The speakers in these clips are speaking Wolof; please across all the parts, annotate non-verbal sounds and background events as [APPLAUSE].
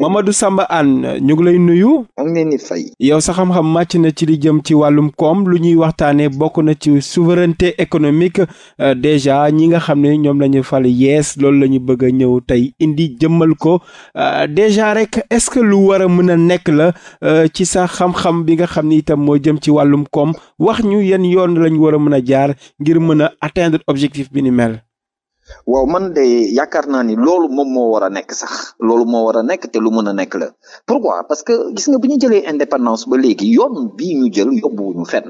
Mamadou Samba Anne ñu ngi lay nuyu. maa ngi fay. yow sa xam-xam màcc na ci li jëm ci wàllum koom lu ñuy waxtaanee bokk na ci souveraineté économique euh, déjà ñi nga xam ne ñoom la ñu fal yees loolu la ñu bëgg a ñëw tey indi jëmmal ko euh, déjà rek est-ce que lu war a mën a nekk la euh, ci sa xam-xam bi nga xam ni itam moo jëm ci wàllum koom wax ñu yan yoon lañ war a mën a jaar ngir mën a atteindre objectif bi ni mel. waaw man de yaakaar naa ni loolu moom moo war a nekk sax loolu moo war a nekk te lu mën a nekk la pourquoi parce que gis nga bu ñu jëlee indépendance ba léegi yoon bi ñu jël yóbbuwuñu fenn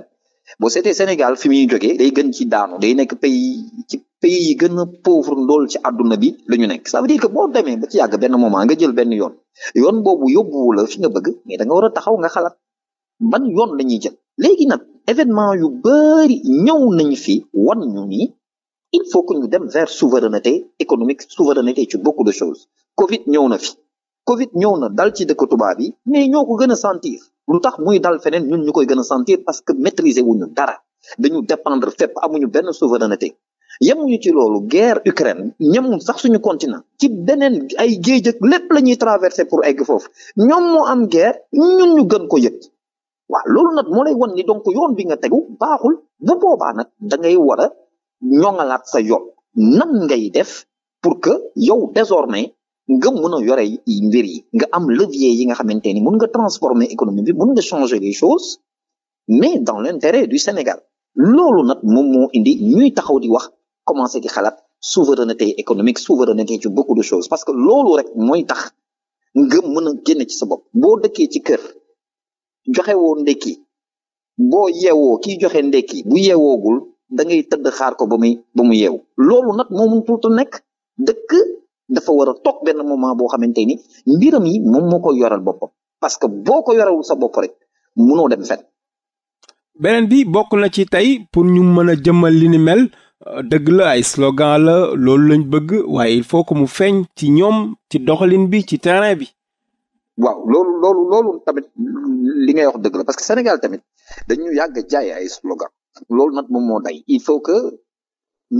boo seetee Sénégal fi muy jógee day gën ci daanu day nekk pays ci pays yi gën a pauvre ndool ci àdduna bi la ñu nekk ça veut dire que boo demee ba ci yàgg benn moment nga jël benn yoon yoon boobu yóbbuwu la fi nga bëgg mais da nga war a taxaw nga xalaat ban yoon la ñuy jël léegi nag événement yu bari ñëw nañ fi wan ñu nii il faut que ñu dem vers souveraineté économique souveraineté ci beaucoup de choses Covid ñëw na fi Covid ñëw na dal ci dëkk tubaab yi mais ñoo ko gën a sentir lu tax muy dal feneen ñun ñu koy gën a sentir parce que maîtriser wuñu dara dañu dépendre fépp amuñu benn souveraineté yemuñu ci loolu guerre Ukraine ñemul sax suñu continent ci beneen ay géej lépp la ñuy traversé pour egg foofu ñoom moo am guerre ñun ñu gën ko yëg waaw loolu nag moo lay wan ni donc yoon bi nga tegu baaxul bu nag da ngay war a ñoŋalaat sa yoon nan ngay def pour que yow désormais nga mën a yore mbir yi nga am levier yi nga xamante ni mun nga transformer économie bi mun nga changer les choses mais dans l'intérêt du Sénégal loolu nag moom moo indi ñuy taxaw di wax commencé di xalaat te économique souveraineté ci beaucoup de choses parce que loolu rek mooy tax nga mën a génne ci sa bopp boo dëkkee ci kër joxe woo ndekki boo yeewoo ki joxe ndekki bu yeewoogul da ngay tëdd xaar ko ba muy ba mu yeew loolu nag moom mënut a nekk dëkk dafa war a toog benn moment boo xamante ni mbiram yi moom moo koy yoral boppam parce que boo ko yorewul sa bopp rek mënoo dem fen beneen bi bokk na ci tey pour ñu mën a jëmmal li ni mel euh, dëgg la ay slogan la loolu lañ bëgg waaye il faut que mu feeñ ci ñoom ci doxalin bi ci terrain bi. waaw loolu loolu loolu tamit li ngay wax dëgg la parce que Sénégal tamit dañu yàgg jaay ay slogan loolu nag moom moo day il faut que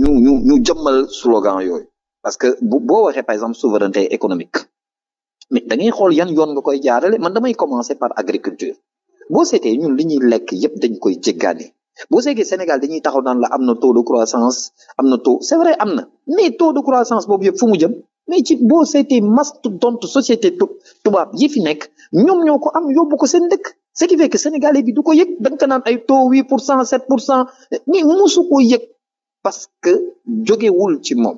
ñu ñu ñu jëmmal slogan yooyu parce que bu boo waxee par exemple souveraineté économique mais da xool yan yoon nga koy jaarale man damay commencer par agriculture boo seete ñun li ñuy lekk yépp dañ koy jéggaani boo seegee Sénégal dañuy taxaw naan la am na taux de croissance am na taux c'est vrai am na mais taux de croissance boobu yëpp fu mu jëm mais ci boo seetee mastodonte société tubaab yi fi nekk ñoom ñoo ko am yóbbu ko seen dëkk ce qui fait que sénégalais bi du ko yëg danga ko naan ay taux huit pour cent sept pour cent ni musu ko yëg parce que jogewul ci moom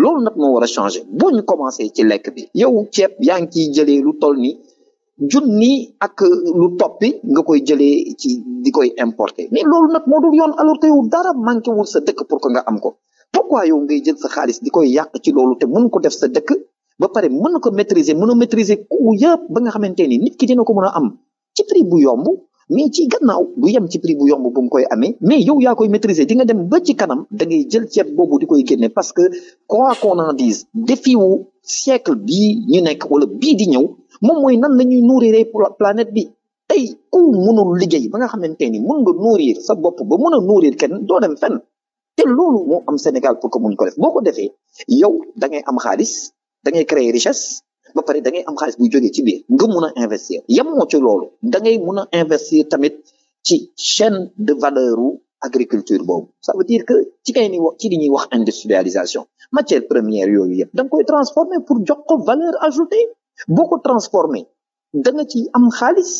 loolu nag moo war a changer boo ñu commencé ci lekk bi yow ceeb yaa ngi ciy jëlee lu toll ni junni ak lu toppi nga koy jëlee ci di koy importer mais loolu nag moo du yoon alors que yow dara manqué wul sa dëkk pour que nga am ko pourquoi yow ngay jël sa xaalis di koy yàq ci loolu te mën ko def sa dëkk ba pare mën na ko maîtriser mën a maîtriser ku yëpp ba nga xamante ni ki dina ko mën a am ci prix bu yomb mais ci gannaaw bu yem ci prix bu yomb bu mu koy amee mais yow yaa koy maîtriser di nga dem ba ci kanam da ngay jël ceeb boobu di koy génne parce que quoi qu'on en dise défi wu siècle bii ñu nekk wala bii di ñëw moom mooy nan la ñuy nourrir planète bi tey ku mënul liggéey ba nga xamante ni mun nga nourrir sa bopp ba mun a nourrir kenn doo dem fenn te loolu moo am Sénégal pour que mun ko def boo ko defee yow da ngay am xaalis da ngay créer richesse ba pare da ngay am xaalis buy jógee ci biir nga mun a investir yemoo ci loolu da ngay mun a investir tamit ci chaîne de valeur u agriculture boobu ça veut dire que ci kay ni wax ci li ñuy wax industrialisation matière première yooyu yëpp da nga koy transformer pour jox ko valeur ajoutée boo ko transformer da nga ci am xaalis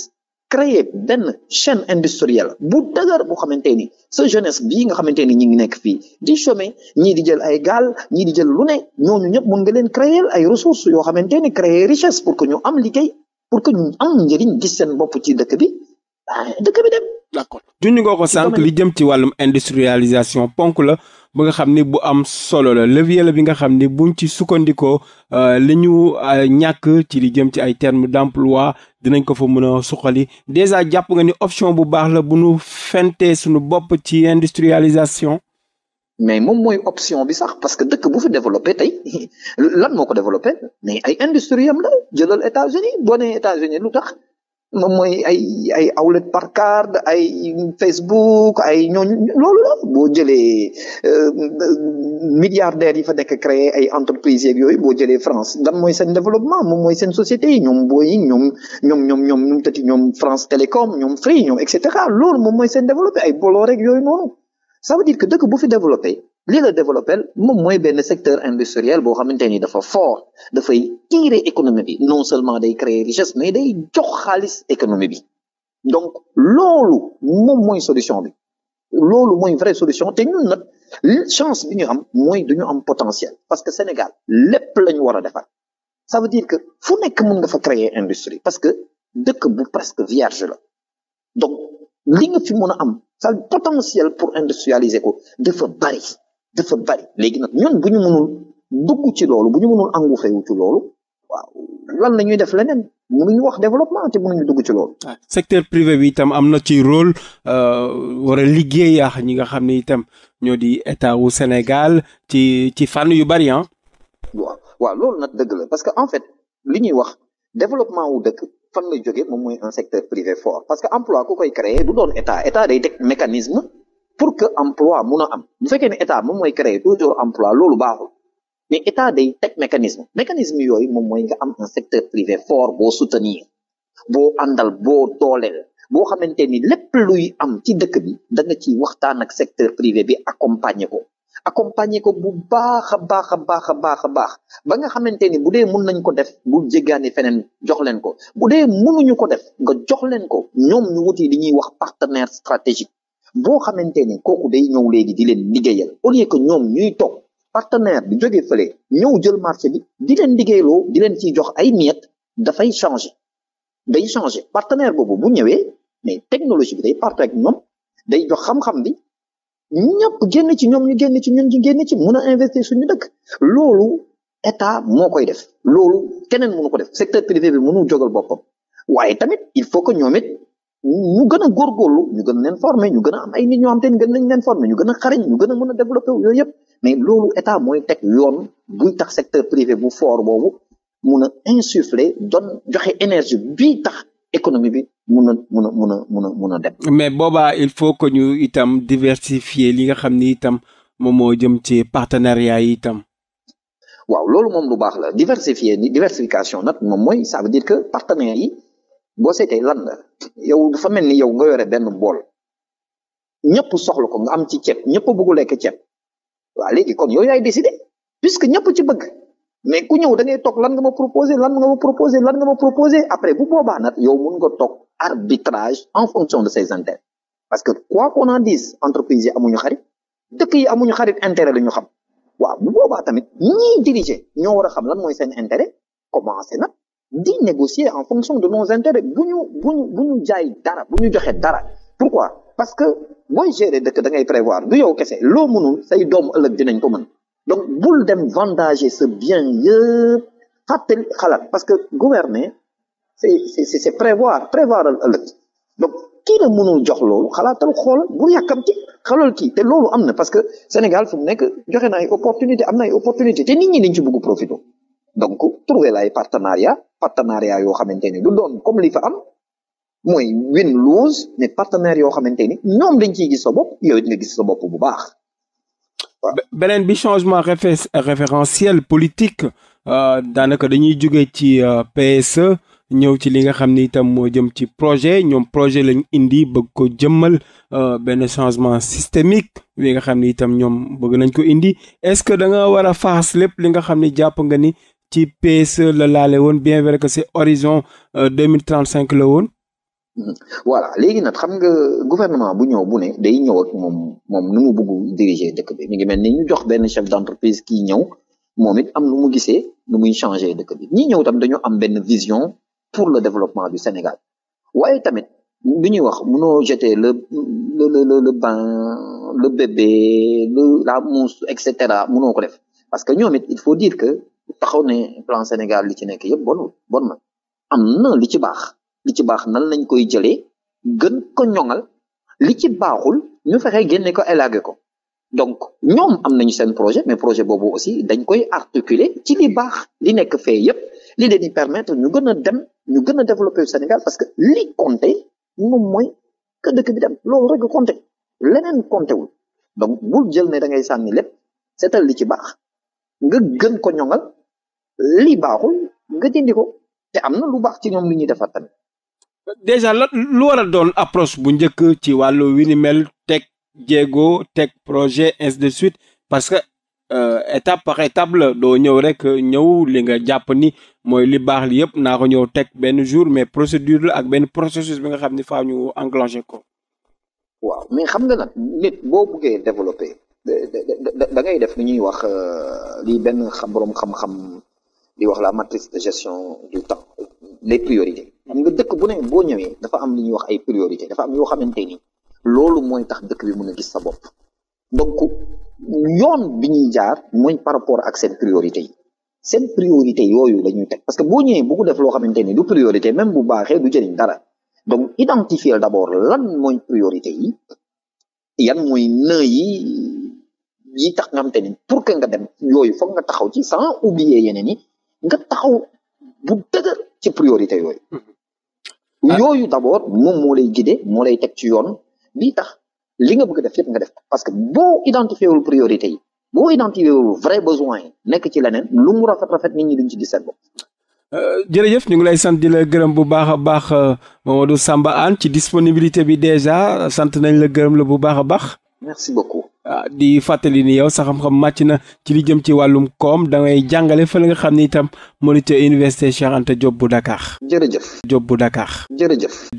créer benn chaîne industrielle bu dëgër bu xamante ni sa jeunesse bii nga xamante ni ñi ngi nekk fii di chômer ñii di jël ay gaal ñii jël lu ne ñooñu ñëpp mun nga leen créer ay ressources yoo xamante ni créer richesse pour que ñu am liggéey pour que ñu am njëriñ gis seen bopp ci dëkk bi ah, dëkk bi dem. d'accord junj nga ko sànq li jëm ci wàllum industrialisation ponk la. ba nga xam ni bu am solo la levier bi nga xam ni buñ ci sukkandikoo euh, li ñu euh, ñàkk ci li jëm ci ay termes d'emploi dinañ ko fa mën a suqali déjà jàpp nga ni option bu baax la bu nu fentee suñu bopp ci industrialisation mais moom mooy option bi sax parce que dëkk bu fi développé tey [LAUGHS] lan moo ko développé mais ay industrie am la jëlal États-Unis boo nee états lu tax moom mooy ay ay outlet par card ay Facebook ay ñooñu loolu la boo jëlee euh, milliardaires yi fa nekk créé ay entreprises yeeg yooyu boo jëlee France lan mooy seen développement moom mooy seen société yi ñoom Boeing ñoom ñoom ñoom ñoom ñoom tati ñoom France Télécom ñoom Free ñoom et cetera loolu moom mooy seen développé ay boloo rek yooyu noonu ça veut dire dëkk bu fi développé lii la développé moom mooy benn secteur industriel boo xamante ni dafa fort dafay tirer économie bi non seulement day créer richesse mais day jox xaalis économie bi donc loolu moom mooy solution bi loolu mooy vraie solution te ñun chance bi ñu am mooy du ñu am potentiel parce que Sénégal lépp la ñu war a defar ça veut dire que fu nekk mën nga fa créer industrie parce que dëkk bu presque vierge la donc li nga fi mën a am sa potentiel pour industrialiser ko dafa bari dafa bari léegi nag ñun bu ñu mënul dugg ci loolu bu ñu mënul angu feewu ci loolu waaw lan la ñuy def leneen mënuñu wax développement te mënuñu dugg ci loolu. Ah, secteur privé bi tam am na ci rôle euh, war a liggéey yaax ñi nga xam ne itam ñoo di état wu Sénégal ci ci fànn yu bari ah. waaw loolu nag dëgg la parce que en fait li ñuy wax développement wu dëkk fan la jógee moom mooy un secteur privé fort parce que emploi ku koy créer du doon état état day teg mécanisme. pour que emploi mun a am bu fekkee ne état moom mooy créer toujours emploi loolu baaxul mais état day teg mécanisme mécanisme yooyu moom mooy nga am un secteur privé fort boo soutenir boo àndal boo dooleel boo xamante ni lépp luy am ci dëkk bi da nga ciy waxtaan ak secteur privé bi accompagner ko accompagner ko bu baax a baax a baax a baax a baax ba nga xamante ni bu dee mun nañ ko def bu jéggaani feneen jox leen ko bu dee mënuñu ko def nga jox leen ko ñoom ñu wuti li ñuy wax partenaire stratégique boo xamante ni kooku day ñëw léegi di leen liggéeyal au lieu que ñoom ñuy toog partenaire bi jóge fële ñëw jël marché bi di leen liggéeyloo di leen ciy jox ay miette dafay changer day changer partenaire boobu bu ñëwee mais technologie bi day parte ak ñoom day jox xam-xam bi ñëpp génn ci ñoom ñu génn ci ñun ñu génn ci mun a investir suñu dëkk loolu état moo koy def loolu keneen mënu ko def secteur privé bi mënu jógal boppam waaye tamit il faut que ñoom it ñu gën a góorgóorlu ñu gën leen former ñu gën am ay nit ñoo xam te ni gën nañ leen former ñu gën a xariñ ñu gën a mën a développer wu yooyu yëpp mais loolu état mooy teg yoon buy tax secteur privé bu foor boobu mun a insuffler doon joxe énergie bii tax économie bi mun a mun a mun a mun a mun a dem. mais boobaa il faut que ñu itam diversifier li nga xam ni itam moom moo jëm ci partenariat yi itam. waaw loolu moom lu baax la diversifier ni diversification nag moom mooy ça veut dire yi. boo seetee lan la yow dafa mel ni yow nga yore benn bool ñëpp soxla ko nga am ci ceeb ñëpp bëggu lekk ceeb waaw léegi kon yow yaay décidé puisque ñëpp ci bëgg mais ku ñëw da ngay toog lan nga ma proposé lan nga ma proposé lan nga ma proposé après bu boobaa nag yow mun nga toog arbitrage en fonction de ses intérêts parce que quoi qu'on en dise entreprise yi amuñu xarit dëkk yi amuñu xarit intérêt la xam waaw bu boobaa tamit ñiy diriger ñoo war a xam lan mooy seen intérêt commencé nag di négocier en fonction de nos intérêts bu ñu bu ñu bu jaay dara bu ñu joxe dara pourquoi parce que booy gérer dëkk da ngay prévoir du yow kese loo mënul say doom ëllëg dinañ ko mën donc bu dem vendager ce bien yëpp fàttali xalaat parce que gouverner c'est c'est c'est prévoir prévoir ëllëg donc kii la mënul jox loolu xalaatal xoolal bu ti xalal kii te loolu am na parce que Sénégal fu mu nekk joxe na ay opportunité am na ay opportunité te nit ñi dañ ci bëgg profito donc trouver lay partenariat partenariat yoo xamante ni du doon comme li fa am mooy win lose mais partenaire yoo xamante ni ñoom dañ ciy gis sa bopp yow nga gis sa bopp bu baax. beneen bi changement référentiel politique euh, daanaka dañuy jóge ci euh, PSE. ci li nga xam ni itam moo jëm ci projet ñoom projet lañu indi bëgg ko jëmmal euh, benn changement systémique li nga xam ni itam ñoom bëgg nañ ko indi est-ce que da nga war a faas lépp li nga xam ni jàpp nga ni ci PSE la laale woon bien vrai que c'est horizon euh, deux mille trente cinq la woon. voilà léegi nag xam nga gouvernement bu ñëw bu ne day ñëw ak moom moom nu mu bëgg diriger dëkk bi mi ngi mel ni ñu jox benn chef d'entreprise ki ñëw moom it am nu mu gisee nu muy changer dëkk bi ñi ñëw tamit dañoo am benn vision pour le développement du Sénégal waaye tamit bi ñuy wax mënoo jeter le le le le bain le bébé le la mousse et cetera mënoo ko def parce que ñoom it il faut dire que taxaw ne plan Sénégal li ci nekk yëpp bonul bon na am na li ci baax li ci baax nan lañ koy jëlee gën ko ñoŋal li ci baaxul ñu fexe génne ko élagué ko donc ñoom am nañu seen projet mais projet boobu aussi dañ koy articuler ci li baax li nekk fee yëpp li leen di permettre ñu gën a dem ñu gën a développer Sénégal parce que li compté moom mooy que dëkk bi dem loolu rek compté leneen compté wul donc bul jël ne da ngay sànni lépp seetal li ci baax nga gën ko ñoŋal li baaxul nga dindi ko te am na lu baax ci ñoom lu ñuy defar tamit. déjà lan lu war a doon approche bu njëkk ci wàllu wi ni mel teg jeego teg projet ainsi de parce que euh, étape par étape doo ñëw rek ñëw li nga jàpp ni mooy li baax li yëpp naa ko ñëw teg benn jour mais procédure la ak benn processus bi nga xam ni faa ñu enclenché ko. waaw mais xam nga nag nit boo buggee développé da ngay def lu ñuy wax euh, lii benn xam boroom xam-xam. di wax la matrice de gestion du temps les priorités xam nga dëkk bu ne boo ñëwee dafa am li ñuy wax ay priorité dafa am yoo xamante ni loolu mooy tax dëkk bi mën a gis sa bopp donc yoon bi ñuy jaar mooy par rapport ak seen priorité yi seen priorité yooyu la ñuy teg parce que boo ñëwee bëgg def loo xamante ni du priorité même bu baaxee du jëriñ dara donc identifier d'abord lan mooy priorité yi yan mooy nœud yi yi tax nga xamante ni pour que nga dem yooyu foog nga taxaw ci sans oublier yeneen yi nga taxaw bu dëgër ci priorité yooyu ah. yooyu d'abord moom moo lay guider moo lay teg ci yoon bii tax li nga bëgg def yëpp nga def parce que boo identifié wul priorité yi boo identifié wul vrai besoin yi nekk ci leneen lu mu rafet rafet nit ñi duñ ci di seen bopp euh, jërëjëf ñu ngi lay sant di la gërëm bu baax a baax euh, du Samba Hann ci disponibilité bi déjà sant nañ la gërëm la bu baax a baax merci beaucoup Ah, di fàttali ni yow sa xam-xam màcc na ci li jëm ci wàllum koom da ngay jàngale fa la nga xam ni itam moo di ca université Cheikh Anta bu Dakar. jërëjëf Diop bu Dakar. jërëjëf.